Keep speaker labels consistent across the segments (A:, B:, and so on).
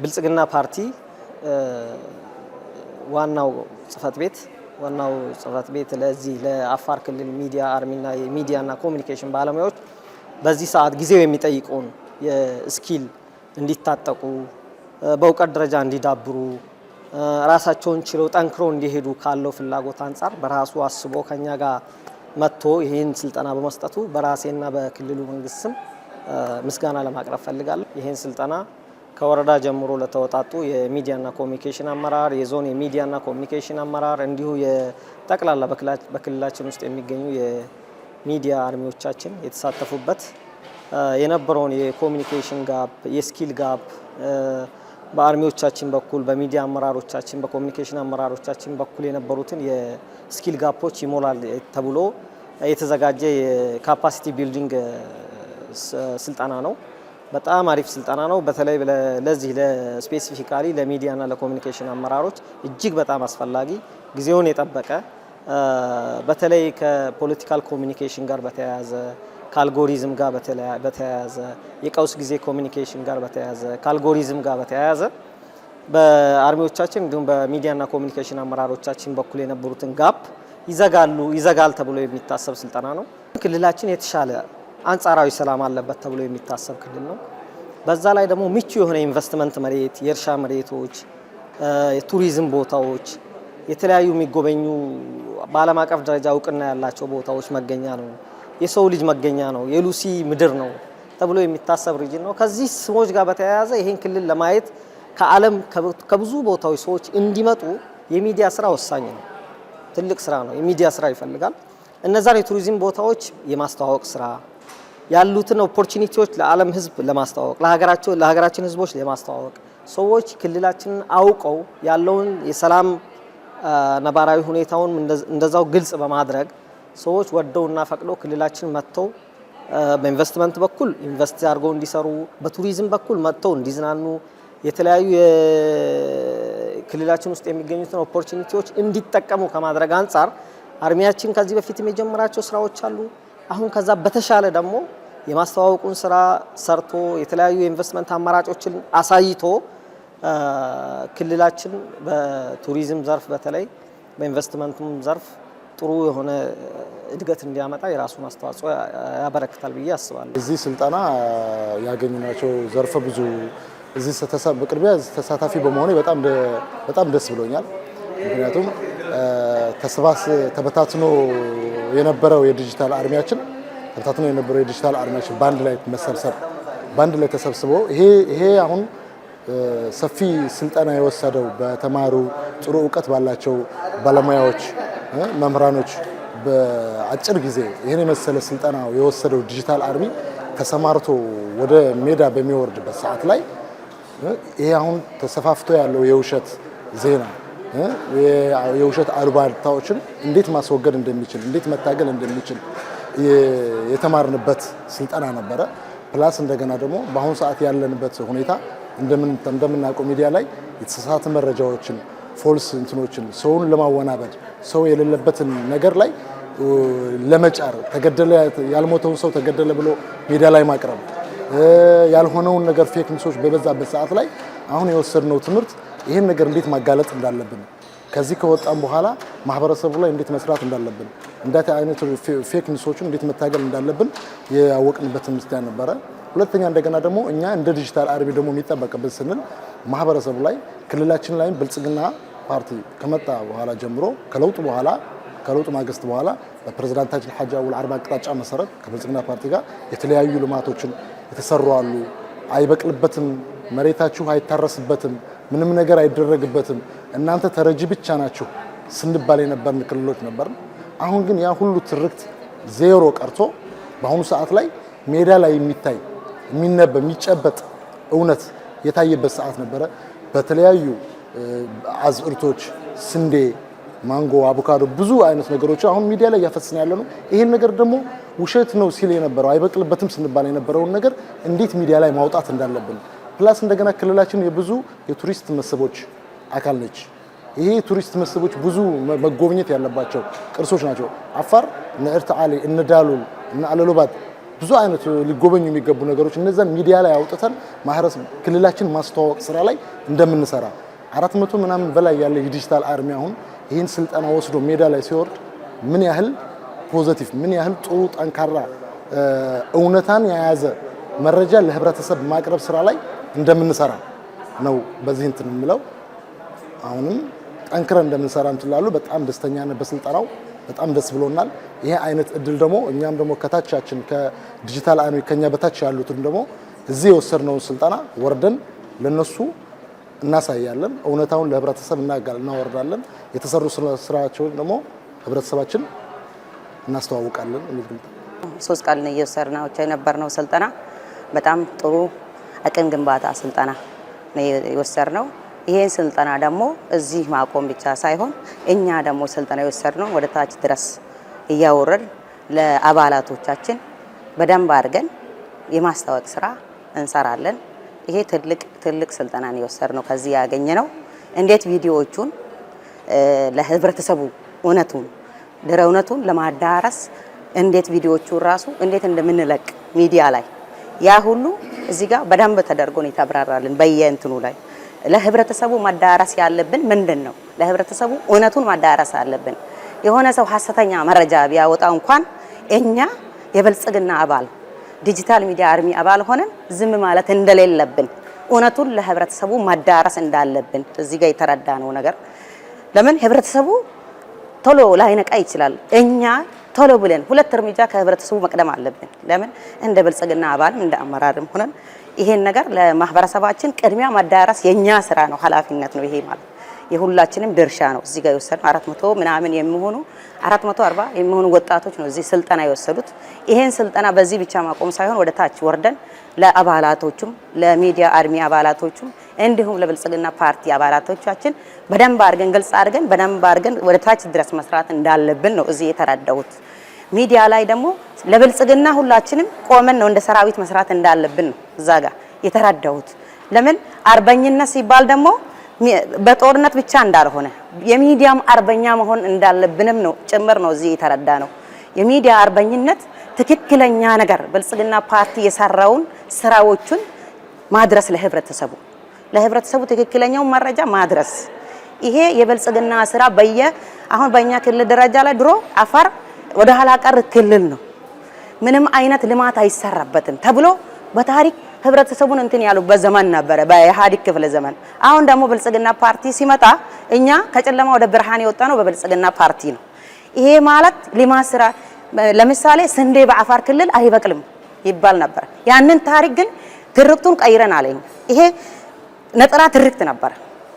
A: ብልጽግና ፓርቲ ዋናው ጽህፈት ቤት ዋናው ጽህፈት ቤት ለዚህ ለአፋር ክልል ሚዲያ አርሚና የሚዲያና ኮሚኒኬሽን ባለሙያዎች በዚህ ሰዓት ጊዜው የሚጠይቀውን የስኪል እንዲታጠቁ በእውቀት ደረጃ እንዲዳብሩ ራሳቸውን ችለው ጠንክሮ እንዲሄዱ ካለው ፍላጎት አንጻር በራሱ አስቦ ከኛ ጋር መጥቶ ይህን ስልጠና በመስጠቱ በራሴና በክልሉ መንግስት ስም ምስጋና ለማቅረብ ፈልጋለሁ። ይህን ስልጠና ከወረዳ ጀምሮ ለተወጣጡ የሚዲያና ኮሚኒኬሽን አመራር፣ የዞን የሚዲያና ኮሚኒኬሽን አመራር እንዲሁ የጠቅላላ በክልላችን ውስጥ የሚገኙ የሚዲያ አርሚዎቻችን የተሳተፉበት የነበረውን የኮሚኒኬሽን ጋፕ፣ የስኪል ጋፕ በአርሚዎቻችን በኩል በሚዲያ አመራሮቻችን በኮሚኒኬሽን አመራሮቻችን በኩል የነበሩትን የስኪል ጋፖች ይሞላል ተብሎ የተዘጋጀ የካፓሲቲ ቢልዲንግ ስልጠና ነው። በጣም አሪፍ ስልጠና ነው። በተለይ ለዚህ ለስፔሲፊካሊ ለሚዲያና ለኮሚኒኬሽን አመራሮች እጅግ በጣም አስፈላጊ ጊዜውን የጠበቀ በተለይ ከፖለቲካል ኮሚኒኬሽን ጋር በተያያዘ ከአልጎሪዝም ጋር በተያያዘ የቀውስ ጊዜ ኮሚኒኬሽን ጋር በተያያዘ ከአልጎሪዝም ጋር በተያያዘ በአርሚዎቻችን እንዲሁም በሚዲያና ኮሚኒኬሽን አመራሮቻችን በኩል የነበሩትን ጋፕ ይዘጋሉ ይዘጋል ተብሎ የሚታሰብ ስልጠና ነው። ክልላችን የተሻለ አንጻራዊ ሰላም አለበት ተብሎ የሚታሰብ ክልል ነው። በዛ ላይ ደግሞ ምቹ የሆነ ኢንቨስትመንት መሬት፣ የእርሻ መሬቶች፣ የቱሪዝም ቦታዎች፣ የተለያዩ የሚጎበኙ በዓለም አቀፍ ደረጃ እውቅና ያላቸው ቦታዎች መገኛ ነው። የሰው ልጅ መገኛ ነው። የሉሲ ምድር ነው ተብሎ የሚታሰብ ሪጅን ነው። ከዚህ ስሞች ጋር በተያያዘ ይህን ክልል ለማየት ከዓለም ከብዙ ቦታዎች ሰዎች እንዲመጡ የሚዲያ ስራ ወሳኝ ነው። ትልቅ ስራ ነው። የሚዲያ ስራ ይፈልጋል። እነዛን የቱሪዝም ቦታዎች የማስተዋወቅ ስራ ያሉትን ኦፖርቹኒቲዎች ለዓለም ህዝብ ለማስተዋወቅ ለሀገራቸው ለሀገራችን ህዝቦች ለማስተዋወቅ ሰዎች ክልላችንን አውቀው ያለውን የሰላም ነባራዊ ሁኔታውን እንደዛው ግልጽ በማድረግ ሰዎች ወደውና ፈቅደው ክልላችን መጥተው በኢንቨስትመንት በኩል ኢንቨስት አድርገው እንዲሰሩ፣ በቱሪዝም በኩል መጥተው እንዲዝናኑ፣ የተለያዩ የክልላችን ውስጥ የሚገኙትን ኦፖርቹኒቲዎች እንዲጠቀሙ ከማድረግ አንጻር አርሚያችን ከዚህ በፊት የጀመራቸው ስራዎች አሉ። አሁን ከዛ በተሻለ ደግሞ የማስተዋወቁን ስራ ሰርቶ የተለያዩ የኢንቨስትመንት አማራጮችን አሳይቶ ክልላችን በቱሪዝም ዘርፍ በተለይ በኢንቨስትመንቱም ዘርፍ ጥሩ የሆነ እድገት እንዲያመጣ የራሱን አስተዋጽኦ ያበረክታል ብዬ አስባለሁ።
B: እዚህ ስልጠና ያገኙናቸው ዘርፈ ብዙ እዚህ በቅድሚያ ተሳታፊ በመሆኔ በጣም ደስ ብሎኛል። ምክንያቱም ተበታትኖ የነበረው የዲጂታል አርሚያችን ተበታትኖ የነበረው የዲጂታል አርማዎች በአንድ ላይ መሰብሰብ በአንድ ላይ ተሰብስቦ ይሄ ይሄ አሁን ሰፊ ስልጠና የወሰደው በተማሩ ጥሩ እውቀት ባላቸው ባለሙያዎች፣ መምህራኖች በአጭር ጊዜ ይህን የመሰለ ስልጠና የወሰደው ዲጂታል አርሚ ተሰማርቶ ወደ ሜዳ በሚወርድበት ሰዓት ላይ ይሄ አሁን ተሰፋፍቶ ያለው የውሸት ዜና የውሸት አሉባልታዎችን እንዴት ማስወገድ እንደሚችል እንዴት መታገል እንደሚችል የተማርንበት ስልጠና ነበረ። ፕላስ እንደገና ደግሞ በአሁኑ ሰዓት ያለንበት ሁኔታ እንደምናውቀው ሚዲያ ላይ የተሳሳተ መረጃዎችን ፎልስ እንትኖችን ሰውን ለማወናበድ ሰው የሌለበትን ነገር ላይ ለመጫር ተገደለ ያልሞተው ሰው ተገደለ ብሎ ሜዳ ላይ ማቅረብ ያልሆነውን ነገር ፌክ ኒውሶች በበዛበት ሰዓት ላይ አሁን የወሰድነው ትምህርት ይህን ነገር እንዴት ማጋለጥ እንዳለብን ከዚህ ከወጣም በኋላ ማህበረሰቡ ላይ እንዴት መስራት እንዳለብን እንዳት አይነት ፌክ ኒውሶችን እንዴት መታገል እንዳለብን ያወቅንበት ምስቲያ ነበረ። ሁለተኛ እንደገና ደግሞ እኛ እንደ ዲጂታል አርቢ ደግሞ የሚጠበቅብን ስንል ማህበረሰቡ ላይ ክልላችን ላይ ብልጽግና ፓርቲ ከመጣ በኋላ ጀምሮ ከለውጡ በኋላ ከለውጡ ማግስት በኋላ በፕሬዝዳንታችን ሐጂ አወል አርባ አቅጣጫ መሰረት ከብልጽግና ፓርቲ ጋር የተለያዩ ልማቶችን የተሰሩ አሉ። አይበቅልበትም፣ መሬታችሁ አይታረስበትም፣ ምንም ነገር አይደረግበትም፣ እናንተ ተረጂ ብቻ ናችሁ ስንባል የነበርን ክልሎች ነበርን። አሁን ግን ያ ሁሉ ትርክት ዜሮ ቀርቶ በአሁኑ ሰዓት ላይ ሜዳ ላይ የሚታይ የሚነበብ የሚጨበጥ እውነት የታየበት ሰዓት ነበረ። በተለያዩ አዝርቶች ስንዴ፣ ማንጎ፣ አቮካዶ ብዙ አይነት ነገሮች አሁን ሚዲያ ላይ እያፈስን ያለ ነው። ይሄን ነገር ደግሞ ውሸት ነው ሲል የነበረው አይበቅልበትም ስንባል የነበረውን ነገር እንዴት ሚዲያ ላይ ማውጣት እንዳለብን ፕላስ እንደገና ክልላችን የብዙ የቱሪስት መስህቦች አካል ነች። ይሄ ቱሪስት መስህቦች ብዙ መጎብኘት ያለባቸው ቅርሶች ናቸው። አፋር እነ እርተ ዓሌ፣ እነ እነ አለሎባት ብዙ አይነት ሊጎበኙ የሚገቡ ነገሮች እነዛን ሚዲያ ላይ አውጥተን ማህረስ ክልላችን ማስተዋወቅ ስራ ላይ እንደምንሰራ አራት መቶ ምናምን በላይ ያለ የዲጂታል አርሚ አሁን ይህን ስልጠና ወስዶ ሜዳ ላይ ሲወርድ ምን ያህል ፖዘቲቭ ምን ያህል ጥሩ ጠንካራ እውነታን የያዘ መረጃ ለህብረተሰብ ማቅረብ ስራ ላይ እንደምንሰራ ነው። በዚህ እንትን የምለው አሁንም ጠንክረን እንደምንሰራ እንትላሉ። በጣም ደስተኛ ነን በስልጠናው በጣም ደስ ብሎናል። ይሄ አይነት እድል ደግሞ እኛም ደግሞ ከታቻችን ከዲጂታል አይኖች ከኛ በታች ያሉትን ደግሞ እዚህ የወሰድነውን ስልጠና ወርደን ለነሱ እናሳያለን። እውነታውን ለህብረተሰብ እናወርዳለን። የተሰሩ ስራቸውን ደግሞ ህብረተሰባችን እናስተዋውቃለን። የሚል
C: ሶስት ቃል ነው እየወሰድናቸው የነበርነው ስልጠና በጣም ጥሩ አቅም ግንባታ ስልጠና ነው የወሰድነው። ይሄን ስልጠና ደግሞ እዚህ ማቆም ብቻ ሳይሆን እኛ ደግሞ ስልጠና የወሰድነው ወደ ታች ድረስ እያወረድ ለአባላቶቻችን በደንብ አድርገን የማስታወቅ ስራ እንሰራለን። ይሄ ትልቅ ትልቅ ስልጠናን የወሰድነው ከዚህ ያገኘ ነው። እንዴት ቪዲዮዎቹን ለህብረተሰቡ እውነቱን ድረ እውነቱን ለማዳረስ እንዴት ቪዲዮዎቹን ራሱ እንዴት እንደምንለቅ ሚዲያ ላይ ያ ሁሉ እዚህ ጋር በደንብ ተደርጎ ነው የተብራራልን በየእንትኑ ላይ ለህብረተሰቡ ማዳረስ ያለብን ምንድን ነው? ለህብረተሰቡ እውነቱን ማዳረስ አለብን። የሆነ ሰው ሀሰተኛ መረጃ ቢያወጣ እንኳን እኛ የብልጽግና አባል ዲጂታል ሚዲያ አርሚ አባል ሆነን ዝም ማለት እንደሌለብን እውነቱን ለህብረተሰቡ ማዳረስ እንዳለብን እዚህ ጋር የተረዳ ነው ነገር ለምን ህብረተሰቡ ቶሎ ላይነቃ ይችላል እኛ ቶሎ ብለን ሁለት እርምጃ ከህብረተሰቡ መቅደም አለብን። ለምን እንደ ብልጽግና አባልም እንደ አመራርም ሆነን ይሄን ነገር ለማህበረሰባችን ቅድሚያ ማዳረስ የኛ ስራ ነው፣ ኃላፊነት ነው ይሄ ማለት የሁላችንም ድርሻ ነው። እዚህ ጋር የወሰድነው 400 መቶ ምናምን የሚሆኑ 440 የሚሆኑ ወጣቶች ነው እዚህ ስልጠና የወሰዱት። ይሄን ስልጠና በዚህ ብቻ ማቆም ሳይሆን ወደ ታች ወርደን ለአባላቶቹም ለሚዲያ አርሚ አባላቶቹም እንዲሁም ለብልጽግና ፓርቲ አባላቶቻችን በደንብ አድርገን ግልጽ አድርገን በደንብ አድርገን ወደ ታች ድረስ መስራት እንዳለብን ነው እዚህ የተረዳሁት። ሚዲያ ላይ ደግሞ ለብልጽግና ሁላችንም ቆመን ነው እንደ ሰራዊት መስራት እንዳለብን ነው እዛ ጋር የተረዳሁት። ለምን አርበኝነት ሲባል ደግሞ በጦርነት ብቻ እንዳልሆነ የሚዲያም አርበኛ መሆን እንዳለብንም ነው ጭምር ነው እዚህ የተረዳ ነው። የሚዲያ አርበኝነት ትክክለኛ ነገር ብልጽግና ፓርቲ የሰራውን ስራዎቹን ማድረስ ለህብረተሰቡ ለህብረተሰቡ ትክክለኛውን መረጃ ማድረስ ይሄ የብልጽግና ስራ በየ አሁን በእኛ ክልል ደረጃ ላይ ድሮ አፋር ወደ ኋላ ቀር ክልል ነው፣ ምንም አይነት ልማት አይሰራበትም ተብሎ በታሪክ ህብረተሰቡን እንትን ያሉ በዘመን ነበረ በኢህአዴግ ክፍለ ዘመን። አሁን ደግሞ ብልጽግና ፓርቲ ሲመጣ እኛ ከጨለማ ወደ ብርሃን የወጣ ነው በብልጽግና ፓርቲ ነው። ይሄ ማለት ልማት ስራ ለምሳሌ ስንዴ በአፋር ክልል አይበቅልም ይባል ነበር። ያንን ታሪክ ግን ትርክቱን ቀይረን አለኝ። ይሄ ነጠላ ትርክት ነበር።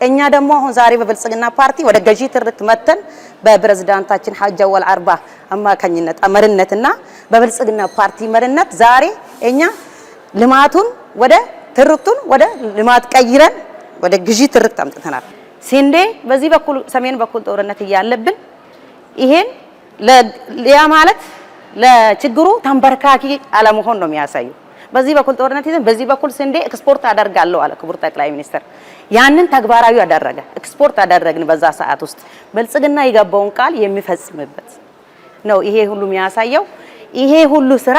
C: እኛ ደግሞ አሁን ዛሬ በብልጽግና ፓርቲ ወደ ገዢ ትርክት መተን በፕሬዝዳንታችን ሀጂ አወል አርባ አማካኝነት መሪነትና በብልጽግና ፓርቲ መሪነት ዛሬ እኛ ልማቱን ወደ ትርክቱን ወደ ልማት ቀይረን ወደ ግዢ ትርክት አምጥተናል። ስንዴ በዚህ በኩል ሰሜን በኩል ጦርነት እያለብን ይሄን ያ ማለት ለችግሩ ተንበርካኪ አለመሆን ነው የሚያሳዩ። በዚህ በኩል ጦርነት ይዘን በዚህ በኩል ስንዴ ኤክስፖርት አደርጋለሁ አለ ክቡር ጠቅላይ ሚኒስትር። ያንን ተግባራዊ አደረገ፣ ኤክስፖርት አደረግን። በዛ ሰዓት ውስጥ ብልጽግና የገባውን ቃል የሚፈጽምበት ነው። ይሄ ሁሉ የሚያሳየው ይሄ ሁሉ ስራ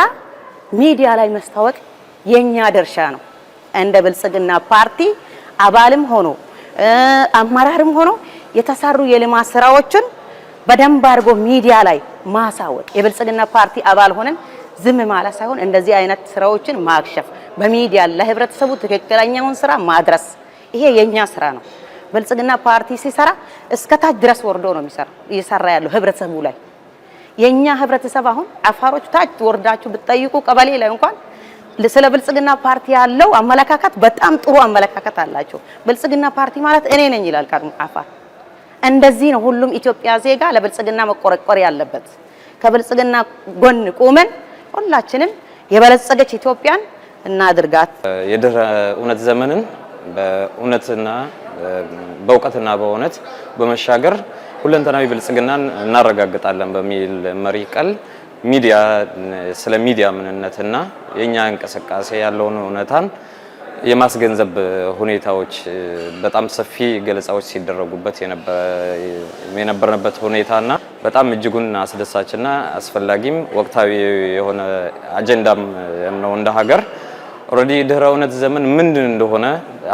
C: ሚዲያ ላይ መስታወቅ የኛ ድርሻ ነው። እንደ ብልጽግና ፓርቲ አባልም ሆኖ አመራርም ሆኖ የተሰሩ የልማት ስራዎችን በደንብ አድርጎ ሚዲያ ላይ ማሳወቅ የብልጽግና ፓርቲ አባል ሆነን ዝም ማለት ሳይሆን እንደዚህ አይነት ስራዎችን ማክሸፍ፣ በሚዲያ ለህብረተሰቡ ትክክለኛውን ስራ ማድረስ ይሄ የኛ ስራ ነው። ብልጽግና ፓርቲ ሲሰራ እስከ ታች ድረስ ወርዶ ነው እየሰራ ያለው ህብረተሰቡ ላይ። የኛ ህብረተሰብ አሁን አፋሮች ታች ወርዳችሁ ብትጠይቁ ቀበሌ ላይ እንኳን ስለ ብልጽግና ፓርቲ ያለው አመለካከት በጣም ጥሩ አመለካከት አላቸው። ብልጽግና ፓርቲ ማለት እኔ ነኝ ይላል ካድሞ አፋር። እንደዚህ ነው ሁሉም ኢትዮጵያ ዜጋ ለብልጽግና መቆረቆር ያለበት። ከብልጽግና ጎን ቁመን ሁላችንም የበለጸገች ኢትዮጵያን እናድርጋት።
D: የድህረ እውነት ዘመንን በእውነትና በእውቀትና በእውነት በመሻገር ሁለንተናዊ ብልጽግናን እናረጋግጣለን በሚል መሪ ቃል ሚዲያ ስለ ሚዲያ ምንነትና የኛ እንቅስቃሴ ያለውን እውነታን የማስገንዘብ ሁኔታዎች በጣም ሰፊ ገለጻዎች ሲደረጉበት የነበረበት ሁኔታና በጣም እጅጉን አስደሳችና አስፈላጊም ወቅታዊ የሆነ አጀንዳም ነው። እንደ ሀገር ኦልሬዲ ድህረ እውነት ዘመን ምንድን እንደሆነ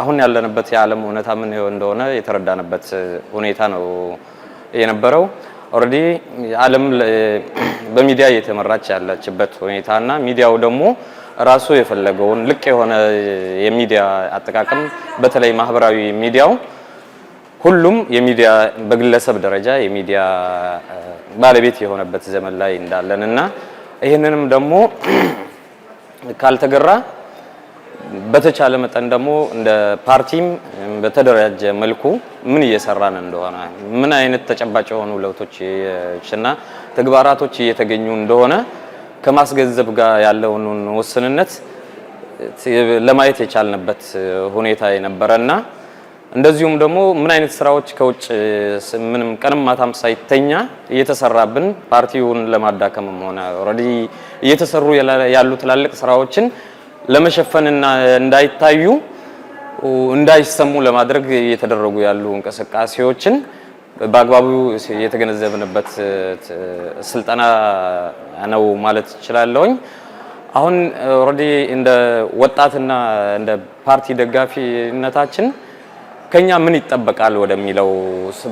D: አሁን ያለንበት የዓለም እውነታ ምን እንደሆነ የተረዳንበት ሁኔታ ነው የነበረው። ኦልሬዲ ዓለም በሚዲያ እየተመራች ያለችበት ሁኔታና ሚዲያው ደግሞ ራሱ የፈለገውን ልቅ የሆነ የሚዲያ አጠቃቀም በተለይ ማህበራዊ ሚዲያው ሁሉም የሚዲያ በግለሰብ ደረጃ የሚዲያ ባለቤት የሆነበት ዘመን ላይ እንዳለን እና ይህንንም ደግሞ ካልተገራ በተቻለ መጠን ደግሞ እንደ ፓርቲም በተደራጀ መልኩ ምን እየሰራን እንደሆነ ምን አይነት ተጨባጭ የሆኑ እና ተግባራቶች እየተገኙ እንደሆነ ከማስገንዘብ ጋር ያለውን ውስንነት ለማየት የቻልንበት ሁኔታ የነበረ እና እንደዚሁም ደግሞ ምን አይነት ስራዎች ከውጭ ምንም ቀንም ማታም ሳይተኛ እየተሰራብን ፓርቲውን ለማዳከምም ሆነ ኦልሬዲ እየተሰሩ ያሉ ትላልቅ ስራዎችን ለመሸፈንና እንዳይታዩ እንዳይሰሙ ለማድረግ እየተደረጉ ያሉ እንቅስቃሴዎችን በአግባቡ የተገነዘብንበት ስልጠና ነው ማለት እችላለሁኝ። አሁን ኦልሬዲ እንደ ወጣትና እንደ ፓርቲ ደጋፊነታችን ከኛ ምን ይጠበቃል ወደሚለው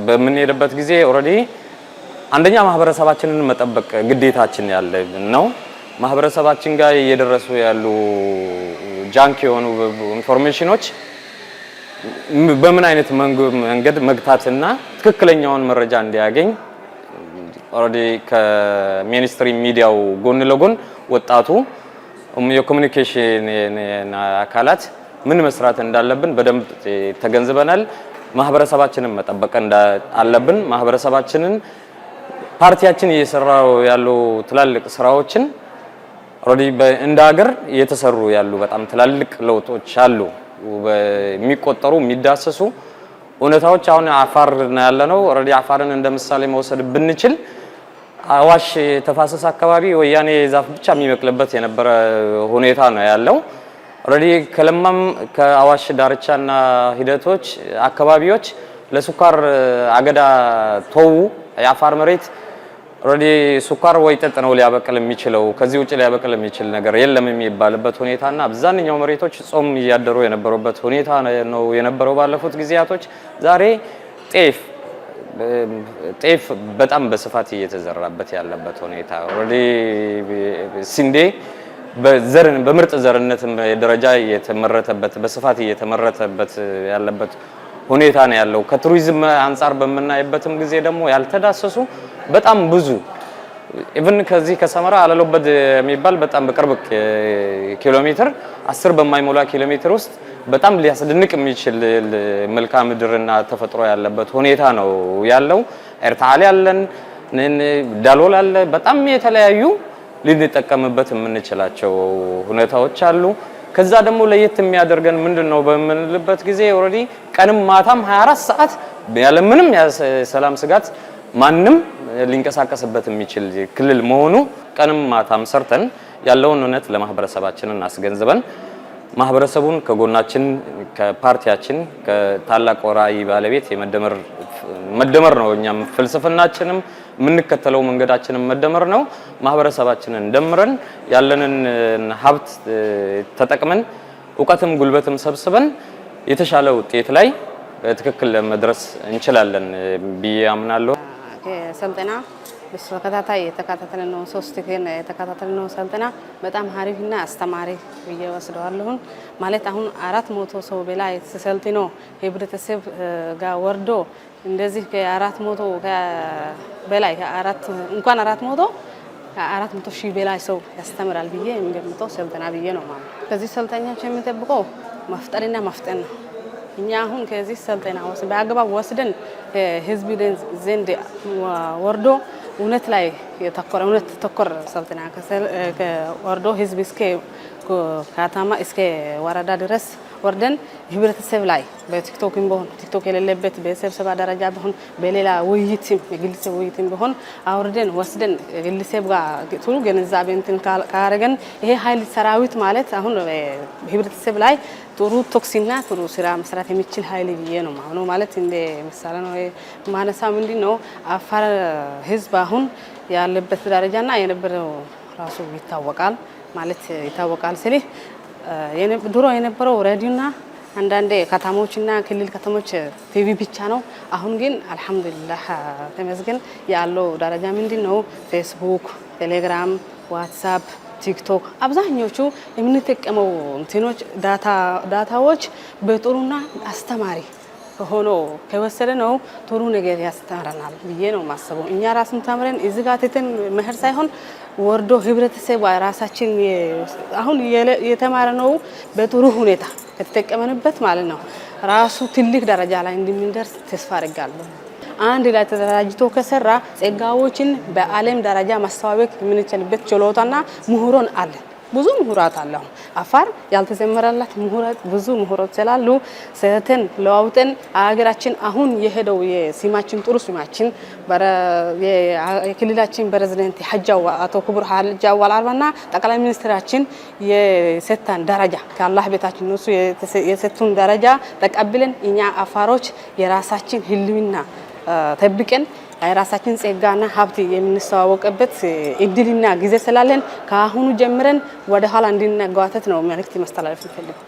D: በምንሄድበት ጊዜ ኦልሬዲ አንደኛ ማህበረሰባችንን መጠበቅ ግዴታችን ያለ ነው። ማህበረሰባችን ጋር እየደረሱ ያሉ ጃንክ የሆኑ ኢንፎርሜሽኖች በምን አይነት መንገድ መግታትና ትክክለኛውን መረጃ እንዲያገኝ ኦልሬዲ ከሚኒስትሪ ሚዲያው ጎን ለጎን ወጣቱ የኮሚኒኬሽን አካላት ምን መስራት እንዳለብን በደንብ ተገንዝበናል። ማህበረሰባችንን መጠበቅ አለብን። ማህበረሰባችንን ፓርቲያችን እየሰራው ያሉ ትላልቅ ስራዎችን ኦልሬዲ እንደ ሀገር እየተሰሩ ያሉ በጣም ትላልቅ ለውጦች አሉ፣ የሚቆጠሩ የሚዳሰሱ እውነታዎች። አሁን አፋር ያለ ነው። ኦልሬዲ አፋርን እንደ ምሳሌ መውሰድ ብንችል አዋሽ ተፋሰስ አካባቢ ወያኔ ዛፍ ብቻ የሚበቅልበት የነበረ ሁኔታ ነው ያለው። ኦልሬዲ ከለማም ከአዋሽ ዳርቻና ሂደቶች አካባቢዎች ለስኳር አገዳ ተዉ የአፋር መሬት ኦልሬዲ ስኳር ወይ ጥጥ ነው ሊያበቅል የሚችለው ከዚህ ውጭ ሊያበቅል የሚችል ነገር የለም የሚባልበት ሁኔታና አብዛኛው መሬቶች ጾም እያደሩ የነበሩበት ሁኔታ ነው የነበረው ባለፉት ጊዜያቶች። ዛሬ ጤፍ ጤፍ በጣም በስፋት እየተዘራበት ያለበት ሁኔታ ኦልሬዲ ስንዴ በዘርን በምርጥ ዘርነት ደረጃ እየተመረተበት በስፋት እየተመረተበት ያለበት ሁኔታ ነው ያለው። ከቱሪዝም አንጻር በምናይበትም ጊዜ ደግሞ ያልተዳሰሱ በጣም ብዙ ኢቭን ከዚህ ከሰመራ አለሎበድ የሚባል በጣም በቅርብ ኪሎ ሜትር አስር በማይሞላ ኪሎ ሜትር ውስጥ በጣም ሊያስደንቅ የሚችል መልክዓ ምድርና ተፈጥሮ ያለበት ሁኔታ ነው ያለው። ኤርታሌ አለን፣ ዳሎል አለ። በጣም የተለያዩ ልንጠቀምበት የምንችላቸው ሁኔታዎች አሉ። ከዛ ደግሞ ለየት የሚያደርገን ምንድን ነው በምንልበት ጊዜ ኦልሬዲ ቀንም ማታም 24 ሰዓት ያለምንም ሰላም ስጋት ማንም ሊንቀሳቀስበት የሚችል ክልል መሆኑ ቀንም ማታም ሰርተን ያለውን እውነት ለማህበረሰባችንን አስገንዝበን ማህበረሰቡን ከጎናችን ከፓርቲያችን ከታላቅ ራዕይ ባለቤት የመደመር መደመር ነው። እኛም ፍልስፍናችንም የምንከተለው መንገዳችንም መደመር ነው። ማህበረሰባችንን ደምረን ያለንን ሀብት ተጠቅመን እውቀትም ጉልበትም ሰብስበን የተሻለ ውጤት ላይ በትክክል ለመድረስ እንችላለን ብዬ አምናለሁ።
E: ስልጠና እሱ ተከታታይ የተከታተለ ነው። ሶስት ቀን የተከታተለ ነው ስልጠና በጣም ሀሪፍና አስተማሪ ብዬ ወስደዋለሁን። ማለት አሁን አራት መቶ ሰው በላይ ሰልጥኖ ህብረተሰብ ጋር ወርዶ እንደዚህ ከአራት መቶ በላይ እንኳን አራት መቶ ከአራት መቶ ሺህ በላይ ሰው ያስተምራል ብዬ የሚገምተው ስልጠና ብዬ ነው ማለት። ከዚህ ሰልጠኞች የሚጠብቀው መፍጠርና ማፍጠን ነው። እኛ አሁን ከዚህ ሰልጠና ወስደን በአግባብ ወስደን ህዝብ ዘንድ ወርዶ እውነት ላይ የተኮረ እውነት ተኮር ስልጠና ወርዶ ህዝብ እስከ ከተማ እስከ ወረዳ ድረስ ወርደን ህብረተሰብ ላይ በቲክቶክም ቢሆን ቲክቶክ የሌለበት በስብሰባ ደረጃ ቢሆን በሌላ ውይይትም የግለሰብ ውይይትም ቢሆን አውርደን ወስደን ግልሰብ ጋር ጥሩ ግንዛቤ እንትን ካረገን ይሄ ኃይል ሰራዊት ማለት አሁን ህብረተሰብ ላይ ጥሩ ቶክሲና ጥሩ ስራ መስራት የሚችል ኃይል ብዬ ነው ማሆነ ማለት እንደ ምሳሌ ነው ማነሳ። ምንድ ነው አፋር ህዝብ አሁን ያለበት ደረጃና የነበረው ራሱ ይታወቃል ማለት ይታወቃል ስል ድሮ የነበረው ሬዲዮና አንዳንዴ ከተሞችና ክልል ከተሞች ቲቪ ብቻ ነው። አሁን ግን አልሐምዱሊላህ ተመስገን ያለው ደረጃ ምንድ ነው ፌስቡክ፣ ቴሌግራም፣ ዋትሳፕ ቲክቶክ አብዛኞቹ የምንጠቀመው እንትኖች ዳታዎች በጥሩና አስተማሪ ሆኖ ከወሰደ ነው ጥሩ ነገር ያስተምረናል ብዬ ነው የማስበው። እኛ ራሱን ተምረን እዚህ ጋር ትተን መኸር ሳይሆን ወርዶ ህብረተሰብ ራሳችን አሁን የተማረነው በጥሩ ሁኔታ ከተጠቀመንበት ማለት ነው ራሱ ትልቅ ደረጃ ላይ እንደምንደርስ ተስፋ አድርጋለሁ። አንድ ላይ ተደራጅቶ ከሰራ ጸጋዎችን በዓለም ደረጃ ማስተዋወቅ የምንችልበት ችሎታና ምሁሮን አለ። ብዙ ምሁራት አለሁ። አፋር ያልተዘመረላት ምሁራት ብዙ ምሁሮች ስላሉ ስህተን ለዋውጠን አገራችን አሁን የሄደው የሲማችን ጥሩ ሲማችን የክልላችን ፕሬዝደንት ሀጃው አቶ ክቡር ሀጃው አልአርባና ጠቅላይ ሚኒስትራችን የሰታን ደረጃ ከአላህ ቤታችን እነሱ የሰቱን ደረጃ ተቀብለን እኛ አፋሮች የራሳችን ህልምና ተብቀን የራሳችን ጸጋና ሀብት የምንስተዋወቅበት እድልና ጊዜ ስላለን ከአሁኑ ጀምረን ወደኋላ እንድንጓተት ነው መልእክት ማስተላለፍ እንፈልግ